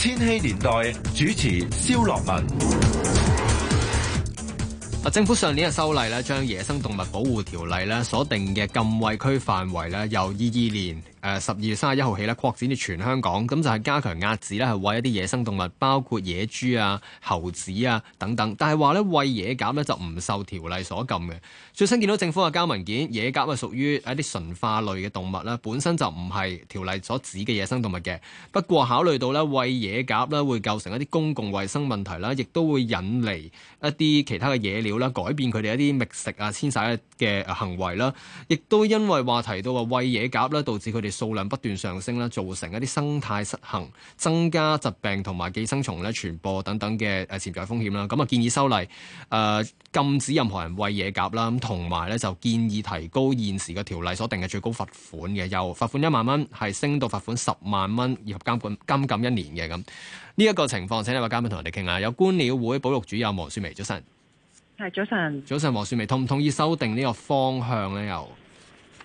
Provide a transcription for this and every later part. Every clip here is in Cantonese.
千禧年代主持蕭樂文，政府上年嘅修例咧，將野生動物保護條例咧所定嘅禁餵區範圍咧，由二二年。誒十二月三十一號起咧，擴展至全香港，咁就係、是、加強遏止呢係餵一啲野生動物，包括野豬啊、猴子啊等等。但係話呢，餵野鴿呢就唔受條例所禁嘅。最新見到政府嘅交文件，野鴿啊屬於一啲馴化類嘅動物啦，本身就唔係條例所指嘅野生動物嘅。不過考慮到呢，餵野鴿呢會構成一啲公共衞生問題啦，亦都會引嚟一啲其他嘅野鳥啦，改變佢哋一啲覓食啊、遷徙嘅行為啦，亦都因為話提到啊，餵野鴿呢，導致佢哋數量不斷上升啦，造成一啲生態失衡，增加疾病同埋寄生蟲咧、傳播等等嘅誒潛在風險啦。咁啊建議修例誒禁止任何人餵野鴿啦，同埋咧就建議提高現時嘅條例所定嘅最高罰款嘅，由罰款一萬蚊係升到罰款十萬蚊，以入監管監禁一年嘅。咁呢一個情況，請呢位嘉賓同我哋傾下，有觀鳥會保育主任黃雪媚，早晨，係早晨，早晨，黃雪媚同唔同意修訂呢個方向咧？又？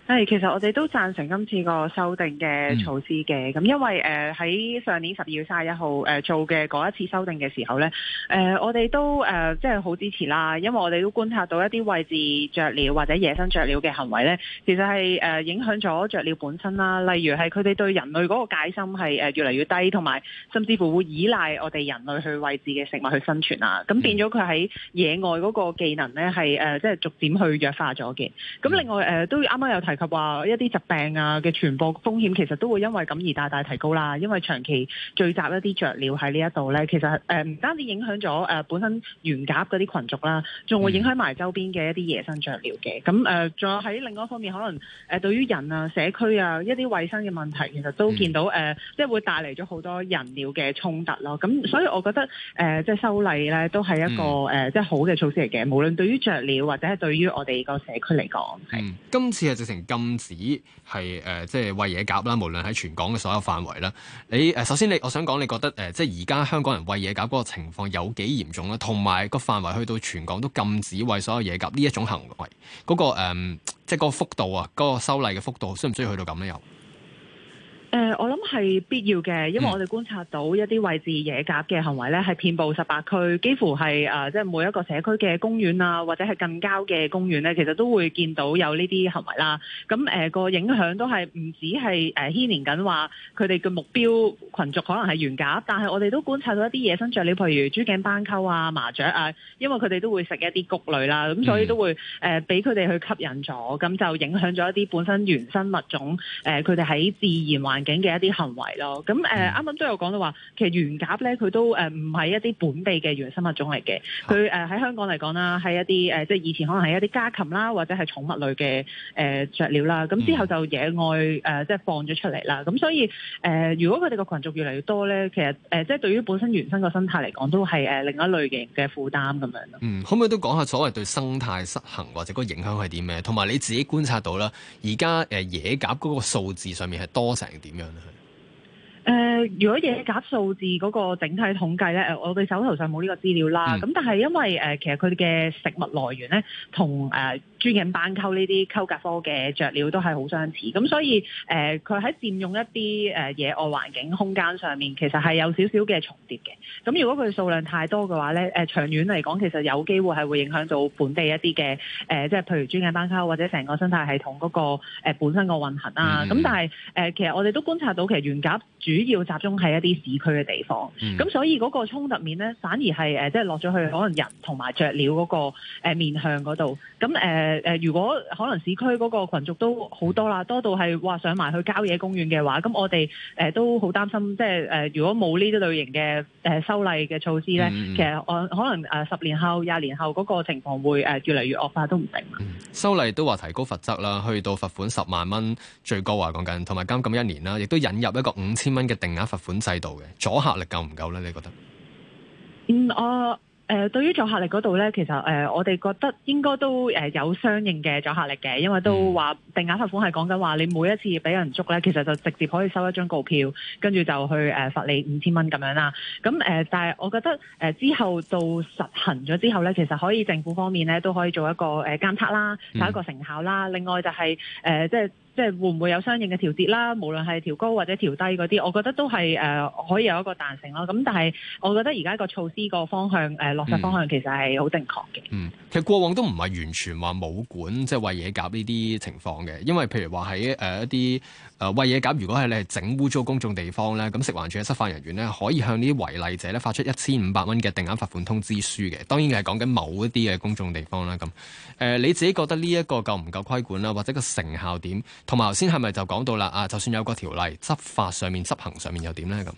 其實我哋都贊成今次個修訂嘅措施嘅，咁、嗯、因為誒喺、呃、上年十二月卅一號做嘅嗰一次修訂嘅時候咧，誒、呃、我哋都誒、呃、即係好支持啦，因為我哋都觀察到一啲餵食雀鳥或者野生雀鳥嘅行為咧，其實係誒、呃、影響咗雀鳥本身啦，例如係佢哋對人類嗰個戒心係越嚟越低，同埋甚至乎會依賴我哋人類去餵食嘅食物去生存啊，咁、嗯、變咗佢喺野外嗰個技能咧係、呃、即係逐漸去弱化咗嘅。咁、嗯、另外誒、呃、都啱啱有提及話一啲疾病啊嘅傳播風險其實都會因為咁而大大提高啦，因為長期聚集一啲雀鳥喺呢一度咧，其實誒唔單止影響咗誒本身原鴿嗰啲群族啦，仲會影響埋周邊嘅一啲野生雀鳥嘅。咁誒，仲有喺另外一方面，可能誒對於人啊、社區啊、一啲衞生嘅問題，其實都見到誒，即、嗯、係、呃、會帶嚟咗好多人鳥嘅衝突咯。咁所以我覺得誒，即係修例咧，都係一個誒，即係好嘅措施嚟嘅。嗯、無論對於雀鳥、鳥或者係對於我哋個社區嚟講，係、嗯、今次係直情。禁止係誒、呃，即係餵野鴿啦，無論喺全港嘅所有範圍啦。你誒，首先你我想講，你覺得誒、呃，即係而家香港人餵野鴿嗰個情況有幾嚴重咧？同埋個範圍去到全港都禁止餵所有野鴿呢一種行為，嗰、嗰個、呃、即係嗰個幅度啊，嗰、嗰個修例嘅幅度，需唔需要去到咁樣？又？誒、呃，我諗係必要嘅，因為我哋觀察到一啲位置野鴿嘅行為咧，係遍佈十八區，幾乎係誒，即、呃、係、就是、每一個社區嘅公園啊，或者係近郊嘅公園咧，其實都會見到有呢啲行為啦。咁誒，呃這個影響都係唔止係誒牽連緊話佢哋嘅目標群族可能係原鴿，但係我哋都觀察到一啲野生雀鳥，譬如珠頸斑鳩啊、麻雀啊，因為佢哋都會食一啲穀類啦，咁所以都會誒俾佢哋去吸引咗，咁就影響咗一啲本身原生物種誒，佢哋喺自然環境。警嘅一啲行為咯，咁誒啱啱都有講到話，其實原鴿咧佢都唔係一啲本地嘅原生物種嚟嘅，佢喺香港嚟講啦，係一啲即係以前可能係一啲家禽啦，或者係寵物類嘅誒雀鳥啦，咁之後就野外即係放咗出嚟啦，咁、嗯、所以如果佢哋個群族越嚟越多咧，其實即係對於本身原生個生態嚟講都係另一類型嘅負擔咁樣咯。嗯，可唔可以都講下所謂對生態失衡或者個影響係點咩？同埋你自己觀察到啦，而家野鴿嗰個數字上面係多成點？呃、如果野鴿數字嗰個整體統計呢，我哋手頭上冇呢個資料啦。咁、嗯、但係因為、呃、其實佢哋嘅食物來源呢，同、呃珠頸斑鳩呢啲鳩鴿科嘅雀鳥都係好相似，咁所以誒，佢、呃、喺佔用一啲誒野外環境空間上面，其實係有少少嘅重疊嘅。咁如果佢數量太多嘅話咧，長遠嚟講，其實有機會係會影響到本地一啲嘅即係譬如珠頸斑鳩或者成個生態系統嗰個本身個運行啊。咁、mm-hmm. 但係、呃、其實我哋都觀察到，其實原鴿主要集中喺一啲市區嘅地方，咁、mm-hmm. 所以嗰個衝突面咧，反而係誒，即係落咗去可能人同埋雀鳥嗰個面向嗰度，咁、呃誒、呃，如果可能市區嗰個群眾都好多啦，多到係話上埋去郊野公園嘅話，咁我哋誒、呃、都好擔心，即係誒、呃、如果冇呢啲類型嘅誒、呃、修例嘅措施咧、嗯，其實我可能誒十、呃、年後、廿年後嗰個情況會誒越嚟越惡化都唔定、嗯。修例都話提高罰則啦，去到罰款十萬蚊最高話講緊，同埋監禁一年啦，亦都引入一個五千蚊嘅定額罰款制度嘅，阻嚇力夠唔夠咧？你覺得？嗯，我。誒、呃、對於阻嚇力嗰度咧，其實誒、呃、我哋覺得應該都、呃、有相應嘅阻嚇力嘅，因為都話、嗯、定額罰款係講緊話你每一次俾人捉咧，其實就直接可以收一張告票，跟住就去誒罰、呃、你五千蚊咁樣啦。咁、嗯、誒、呃，但係我覺得誒、呃、之後到實行咗之後咧，其實可以政府方面咧都可以做一個誒監測啦，做一個成效啦。嗯、另外就係、是、誒、呃、即係。即係會唔會有相應嘅調節啦？無論係調高或者調低嗰啲，我覺得都係誒、呃、可以有一個彈性咯。咁但係我覺得而家個措施個方向誒、嗯、落實方向其實係好正局確嘅。嗯，其實過往都唔係完全話冇管即係餵野鴿呢啲情況嘅，因為譬如話喺誒一啲誒餵野鴿，如果係你係整污糟公眾地方咧，咁食環署嘅執法人員咧可以向呢啲違例者咧發出一千五百蚊嘅定額罰款通知書嘅。當然係講緊某一啲嘅公眾地方啦。咁誒、呃，你自己覺得呢一個夠唔夠規管啦？或者個成效點？同埋頭先係咪就講到啦？啊，就算有個條例，執法上面、執行上面又點咧咁？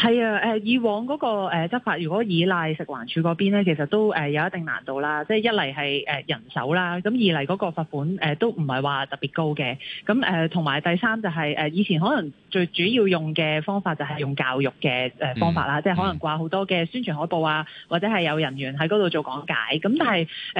係啊，以往嗰個執法，如果依賴食環署嗰邊咧，其實都有一定難度啦。即係一嚟係人手啦，咁二嚟嗰個罰款都唔係話特別高嘅。咁同埋第三就係以前可能最主要用嘅方法就係用教育嘅方法啦，嗯，即係可能掛好多嘅宣傳海報啊，或者係有人員喺嗰度做講解。咁但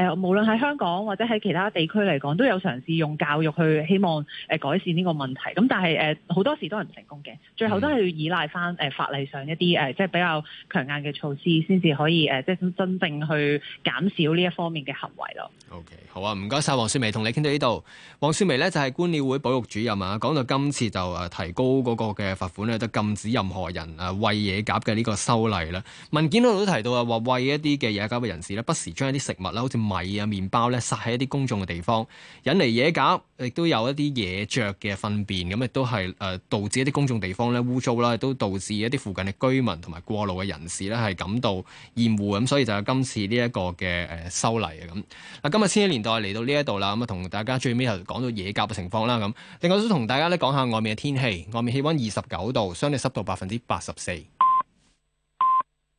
係無論喺香港或者喺其他地區嚟講，都有嘗試用教育去希望改善呢個問題。咁但係好多時都係唔成功嘅，最後都係要依賴翻誒法例。上一啲誒，即係比較強硬嘅措施，先至可以誒，即係真正去減少呢一方面嘅行為咯。OK，好啊，唔該晒。黃雪媚，同你傾到呢度。黃雪媚呢就係觀鳥會保育主任啊。講到今次就誒提高嗰個嘅罰款咧，得禁止任何人誒餵野鴿嘅呢個修例啦。文件嗰度都提到啊，話餵一啲嘅野鴿嘅人士咧，不時將一啲食物啦，好似米啊、麵包咧，撒喺一啲公眾嘅地方，引嚟野鴿亦都有一啲野雀嘅糞便，咁亦都係誒導致一啲公眾地方咧污糟啦，都導致一啲附近。令居民同埋過路嘅人士呢係感到厭惡咁，所以就有今次呢一個嘅誒修例啊咁。嗱，今日千禧年代嚟到呢一度啦，咁啊同大家最尾係講到野鴿嘅情況啦咁。另外都同大家呢講下外面嘅天氣，外面氣溫二十九度，相對濕度百分之八十四。